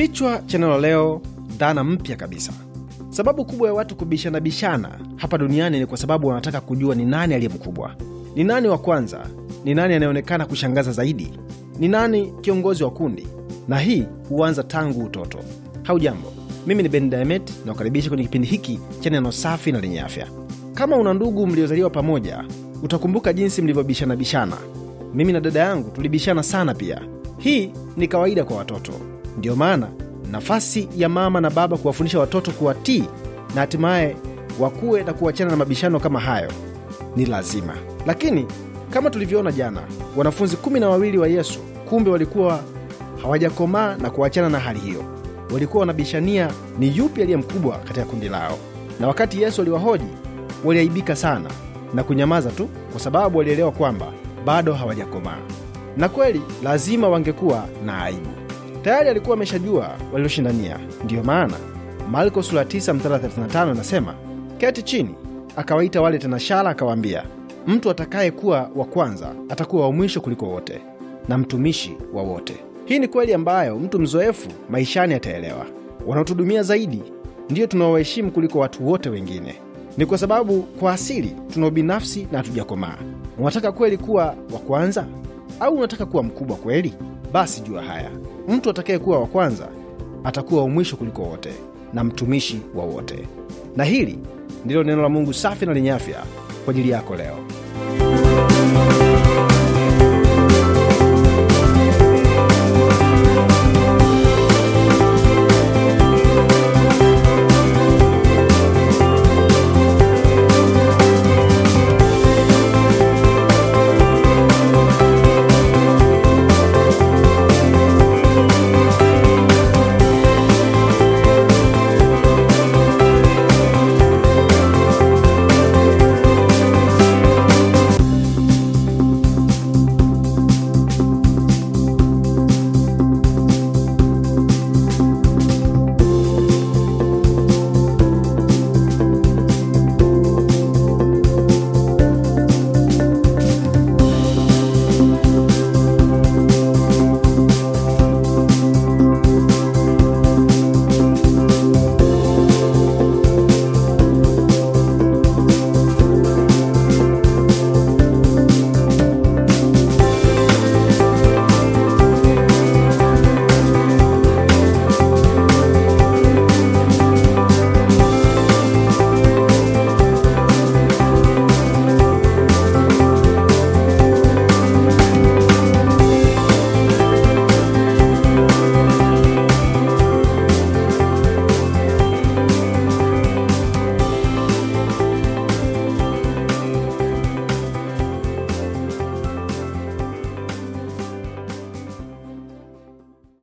Kichwa cha neno leo, dhana mpya kabisa. Sababu kubwa ya watu kubishana bishana hapa duniani ni kwa sababu wanataka kujua ni nani aliye mkubwa, ni nani wa kwanza, ni nani anayeonekana kushangaza zaidi, ni nani kiongozi wa kundi, na hii huanza tangu utoto. Haujambo, mimi ni Ben na kukaribisha kwenye kipindi hiki cha neno safi na lenye afya. Kama una ndugu mliozaliwa pamoja, utakumbuka jinsi mlivyobishana bishana. Mimi na dada yangu tulibishana sana pia. Hii ni kawaida kwa watoto. Ndiyo maana nafasi ya mama na baba kuwafundisha watoto kuwatii na hatimaye wakuwe na kuachana na mabishano kama hayo ni lazima. Lakini kama tulivyoona jana, wanafunzi kumi na wawili wa Yesu kumbe walikuwa hawajakomaa na kuachana na hali hiyo. Walikuwa wanabishania ni yupi aliye mkubwa katika kundi lao, na wakati Yesu aliwahoji waliaibika sana na kunyamaza tu, kwa sababu walielewa kwamba bado hawajakomaa, na kweli lazima wangekuwa na aibu tayari alikuwa ameshajua walioshindania. Ndiyo maana Marko sula 9 mstari 35 anasema, keti chini, akawaita wale tanashara, akawaambia, mtu atakaye kuwa wa kwanza atakuwa wa mwisho kuliko wote na mtumishi wa wote. Hii ni kweli ambayo mtu mzoefu maishani ataelewa. Wanaotudumia zaidi ndiyo tunaowaheshimu kuliko watu wote wengine. Ni kwa sababu kwa asili tuna ubinafsi na hatujakomaa. Unataka kweli kuwa wa kwanza, au unataka kuwa mkubwa kweli? Basi jua haya Mtu atakayekuwa wa kwanza atakuwa wa mwisho kuliko wote na mtumishi wa wote. Na hili ndilo neno la Mungu safi na lenye afya kwa ajili yako leo.